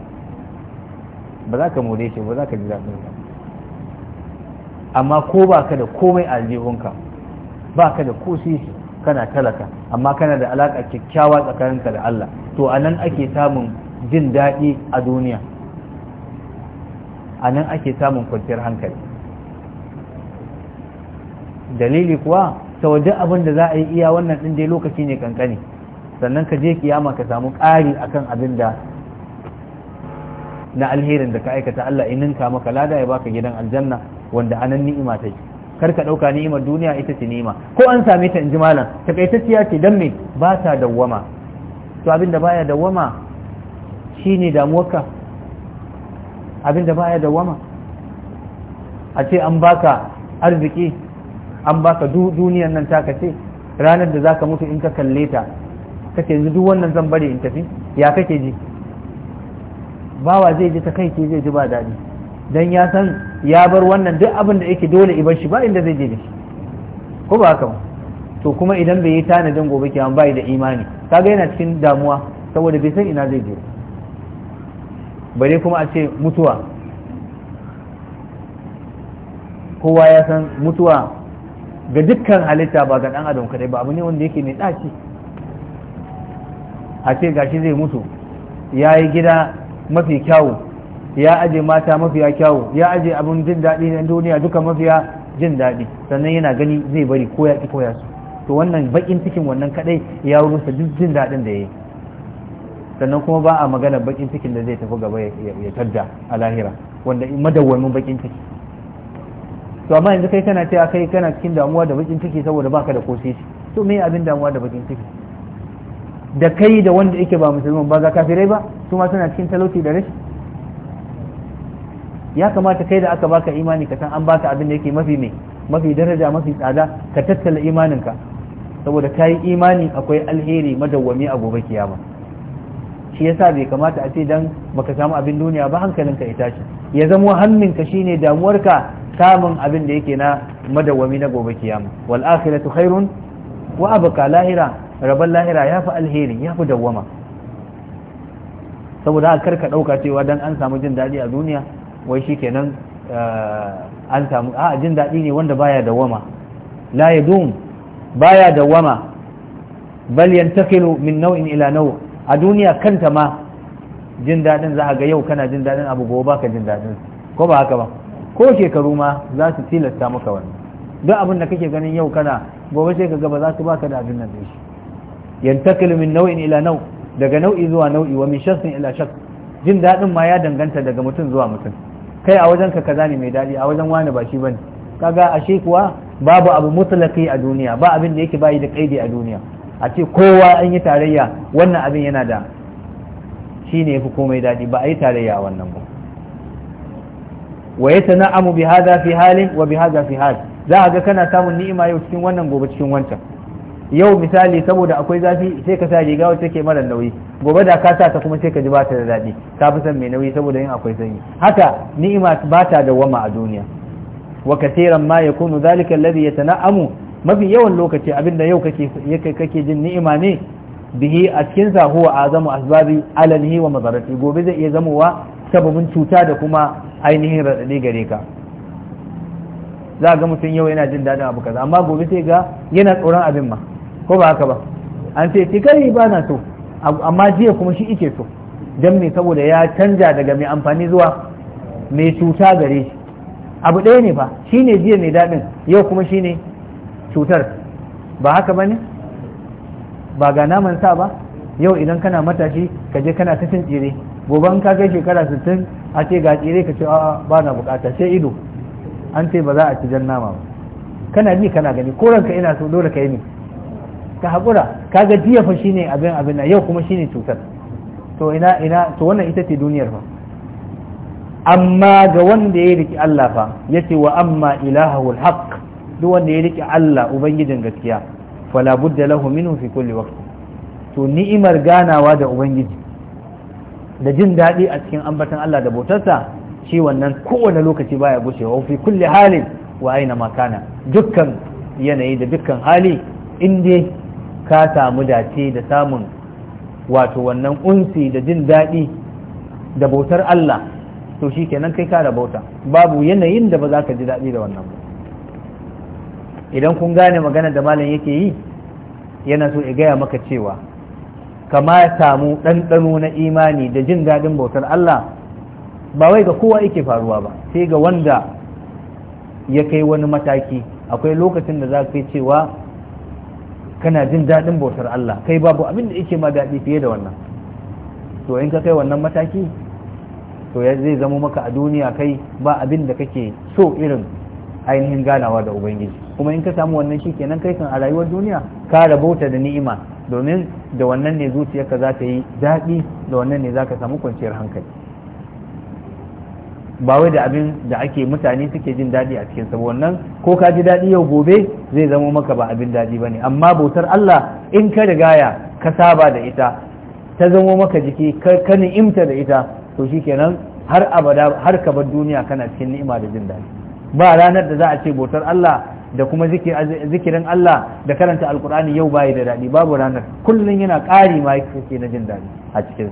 A: ba za ka more shi ba za ka ji daɗin ba amma ko baka da komai a aljihunka baka da ko sisi kana talaka amma kana da alaka kyakkyawa tsakaninka da Allah to anan ake samun jin daɗi a duniya a nan ake samun kwanciyar hankali dalili kuwa wajen abin da za a yi iya wannan ɗin dai lokaci ne kankani sannan ka je kiyama ka samu ƙari akan abin da na alherin da ka aikata Allah ninka maka lada ya baka gidan aljanna wanda anan ni'ima take kar ka ɗauka ni'imar duniya ita ce ni'ima ko an same ta in ji malam takaitacciya ce dan me ba ta dawwama to abin da baya dawwama shine damuwarka abin da baya dawwama a ce an baka arziki an baka duk duniyar nan taka ce ranar da zaka mutu in ka kalle ta kace yanzu duk wannan zan bari in tafi ya kake ji bawa zai ji ta kai ke zai ji ba daɗi dan ya san ya bar wannan duk abin da yake dole ibar shi ba inda zai je shi ko ba haka to kuma idan bai yi tanadin gobe kiyama bai da imani kaga yana cikin damuwa saboda bai san ina zai je bare kuma a ce mutuwa kowa ya san mutuwa ga dukkan halitta ba ga dan adam kadai ba abu ne wanda yake mai ɗaci a ce gashi zai mutu ya yi gida mafi kyawu ya aje mata mafiya kyawu ya aje abin jin daɗi na duniya duka mafiya jin daɗi sannan yana gani zai bari ko ya koya su to wannan bakin cikin wannan kadai ya rusa duk jin daɗin da ya yi sannan kuma ba a magana bakin cikin da zai tafi gaba ya tadda a lahira wanda madawwamin bakin ciki to amma yanzu kai kana cewa kai kana cikin damuwa da bakin ciki saboda baka da kosisi to me abin damuwa da bakin ciki da kai da wanda yake ba musulman ba ga kafirai ba su ma suna cikin talauci da rashi ya kamata kai da aka baka imani ka san an baka abin da yake mafi mai mafi daraja mafi tsada ka tattala imaninka saboda kai yi imani akwai alheri madawwami a gobe kiyama shi yasa bai kamata a ce dan baka samu abin duniya ba hankalinka ya tashi ya zamo hannunka shine damuwar ka samun abin da yake na madawami na gobe kiyama wal akhiratu khairun wa abqa lahira rabbal lahira yafi alheri yafi dawama saboda haka karka dauka cewa dan an samu jin dadi a duniya wai shikenan eh, an samu a jin dadi ne wanda baya dawama la yadum baya dawama bal yantakilu min naw'in ila naw' a duniya kanta ma jin daɗin za a ga yau kana jin daɗin abu gobe baka jin daɗin ko ba haka ba ko shekaru ma za su tilasta maka wani duk abin da kake ganin yau kana gobe sai ka gaba za su baka da abin nan shi yantakil min nau'in ila nau daga nau'i zuwa nau'i wa min shaksin ila shak jin daɗin ma ya danganta daga mutum zuwa mutum kai a wajen ka kaza ne mai daɗi a wajen wani ba shi bane kaga ashe kuwa babu abu mutlaqi a duniya ba abin da yake bayi da kaidi a duniya a ce kowa an yi tarayya wannan abin yana da shi ne fi komai daɗi ba a yi tarayya wannan ba wa ta na'amu bi haza fi halin wa bi haza fi hal za a ga kana samun ni'ima yau cikin wannan gobe cikin wancan yau misali saboda akwai zafi sai ka sa riga wacce ke mara nauyi gobe da ka sa ta kuma sai ka ji ba ta da daɗi ka fi son mai nauyi saboda yin akwai sanyi haka ni'ima ba ta da a duniya wa kasiran ma yakunu zalika alladhi yatana'amu mafi yawan lokaci abinda yau kake jin ni'ima ne bihi a cikin sa huwa azamu asbabi alanihi wa mazarati gobe zai iya zamowa sababin cuta da kuma ainihin radadi gare ka za ga mutum yau yana jin dadin abu kaza amma gobe sai ga yana tsoron abin ma ko ba haka ba an ce kai ba na so amma jiya kuma shi ike so don me saboda ya canja daga mai amfani zuwa mai cuta gare shi abu ɗaya ne fa shine jiya mai daɗin yau kuma shine cutar ba haka ba ne ba ga naman sa ba yau idan kana matashi ka je kana ta cin tsire gobe ka kai shekara 60 a ce ga tsire ka ce a'a ba na bukata sai ido an ce ba za a ci jan nama ba kana ji kana gani ko ranka ina so dole ka yi ne ka haƙura ka ga jiya fa shine abin abin na yau kuma shine cutar to ina ina to wannan ita ce duniyar fa amma ga wanda ya riki Allah fa ce wa amma ilahul haq. duk wanda ya rike Allah ubangijin gaskiya fala budda lahu minhu fi kulli waqt to ni'imar ganawa da ubangiji da jin daɗi a cikin ambatan Allah da bautarsa shi wannan kowane lokaci baya gushewa fi kulli halin wa aina makana dukkan yanayi da dukkan hali Inde ka samu dace da samun wato wannan unsi da jin daɗi da bautar Allah to shi kenan kai ka da babu yanayin da ba za ka ji daɗi da wannan idan kun gane magana da malam yake yi yana so ya gaya maka cewa kama ya samu ɗanɗano na imani da jin daɗin bautar Allah ba wai ga kowa yake faruwa ba sai ga wanda ya kai wani mataki akwai lokacin da za ka yi cewa kana jin daɗin bautar Allah kai babu abin da yake ma daɗi fiye da wannan to in ka kai wannan mataki to zai zama maka a duniya kai ba abin da kake so irin ainihin ganawa da ubangiji kuma in ka samu wannan shi kenan kai kan a rayuwar duniya ka rabauta da ni'ima domin da wannan ne zuciyarka za ta yi daɗi da wannan ne za ka samu kwanciyar hankali ba wai da abin da ake mutane suke jin daɗi a cikin sabo wannan ko ka ji daɗi yau gobe zai zama maka ba abin daɗi ba ne amma bautar Allah in ka rigaya ka saba da ita ta zamo maka jiki ka ni'imta da ita to shikenan har abada har ka bar duniya kana cikin ni'ima da jin daɗi ba ranar da za a ce bautar Allah da kuma zikirin Allah da karanta alkur'ani yau bayi da daɗi babu ranar kullum yana ƙari ma yake na jin daɗi a cikin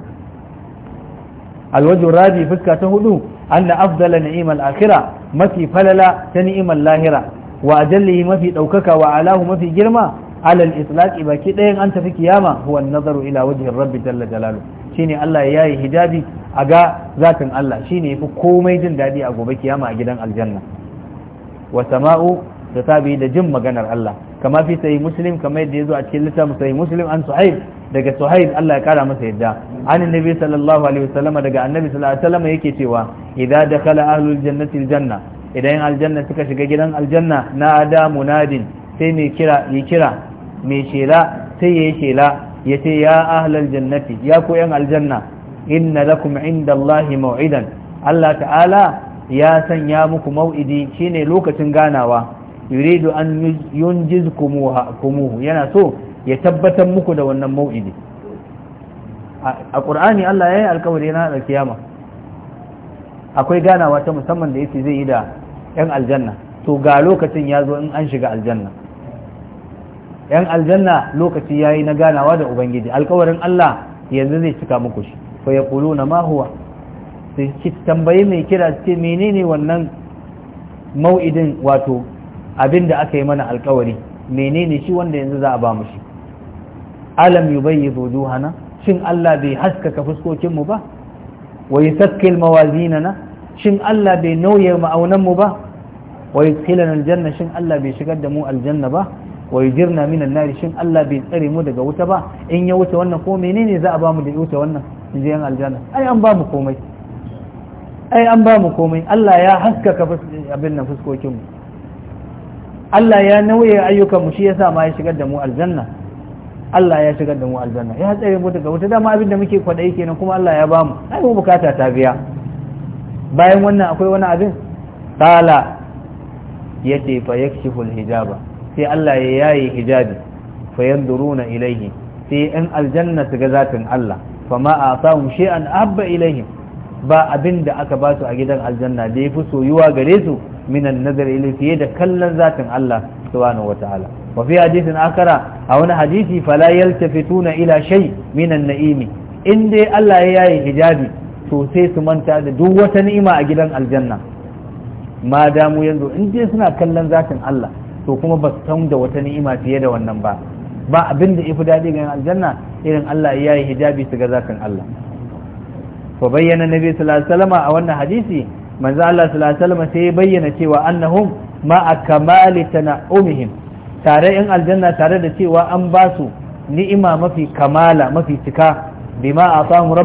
A: alwajin rabi fuska ta hudu an da afdala ni'imal akhira mafi falala ta ni'imal lahira wa ajallihi mafi ɗaukaka wa alahu mafi girma alal itlaqi baki ɗayan an tafi kiyama huwa nazaru ila wajhin rabbi jalla jalalu shine Allah ya yi hijabi a ga zatin Allah shine yafi komai jin daɗi a gobe kiyama a gidan aljanna wa sama'u da tabi da jin maganar Allah kama fi sai muslim kama yadda yazo a cikin littafin sai muslim an suhaib daga suhaib Allah ya kara masa yadda an annabi sallallahu alaihi wasallam daga annabi sallallahu alaihi wasallam yake cewa idza dakhala ahlul jannati aljanna idan aljanna suka shiga gidan aljanna na da munadin sai mai kira yi kira mai shela sai yayi shela yace ya ahlal jannati ya ku yan aljanna inna lakum inda Allahi maw'idan Allah ta'ala ya sanya muku mau'idi shine lokacin ganawa yuridu an yunjiz kumuhu yana so ya tabbatar muku da wannan mau'idi a ƙur'ani Allah ya yi alkawari na da kiyama akwai ganawa ta musamman da yake zai yi da 'yan aljanna to ga lokacin ya zo in an shiga aljanna 'yan aljanna lokaci ya yi na ganawa da ubangiji alkawarin Allah yanzu zai cika muku shi fa ya kulu na mahuwa Ki tambayi mai kira ce menene wannan mau'idin wato abin da aka yi mana alkawari menene shi wanda yanzu za a ba mu shi alam yubayyiz wujuhana shin Allah bai haskaka fuskokin mu ba wa yusakkil mawazinana shin Allah bai nauye ma'aunanmu mu ba wa yudkhilana aljanna shin Allah bai shigar da mu aljanna ba wa jirna min an shin Allah bai tsare mu daga wuta ba in ya wuce wannan ko menene za a ba mu da wuce wannan in je aljanna ai an ba mu komai ai an ba mu komai Allah ya haskaka abin nan fuskokin mu Allah ya nauye ayyukan mu shi yasa ma ya shigar da mu aljanna Allah ya shigar da mu aljanna ya tsare mu daga wata dama abin da muke kwadai kenan kuma Allah ya bamu ai mu bukata ta biya bayan wannan akwai wani abin qala yace fa yakshifu hijaba sai Allah ya yayi hijabi fa ilaihi, ilayhi sai in aljanna su ga zatin Allah fa ma atahum an abba ilayhim ba abin da aka ba su a gidan aljanna da ya fi soyuwa gare su minan nazar ilai fiye da kallon zatin Allah subhanahu wa ta'ala wa fi hadisin akara a wani hadisi fala yaltafituna ila shay minan na'imi in dai Allah ya yayi hijabi to sai su manta da duk wata ni'ima a gidan aljanna ma damu yanzu in dai suna kallon zatin Allah to kuma ba su da wata ni'ima fiye da wannan ba ba abin da fi daɗi ga aljanna irin Allah ya yi hijabi su ga zatin Allah fa bayyana nabi sallallahu alaihi wasallam a wannan hadisi manzo Allah sallallahu alaihi wasallam sai ya bayyana cewa annahum ma kamali tana'umihim tare in aljanna tare da cewa an ba su ni'ima mafi kamala mafi cika bima atahum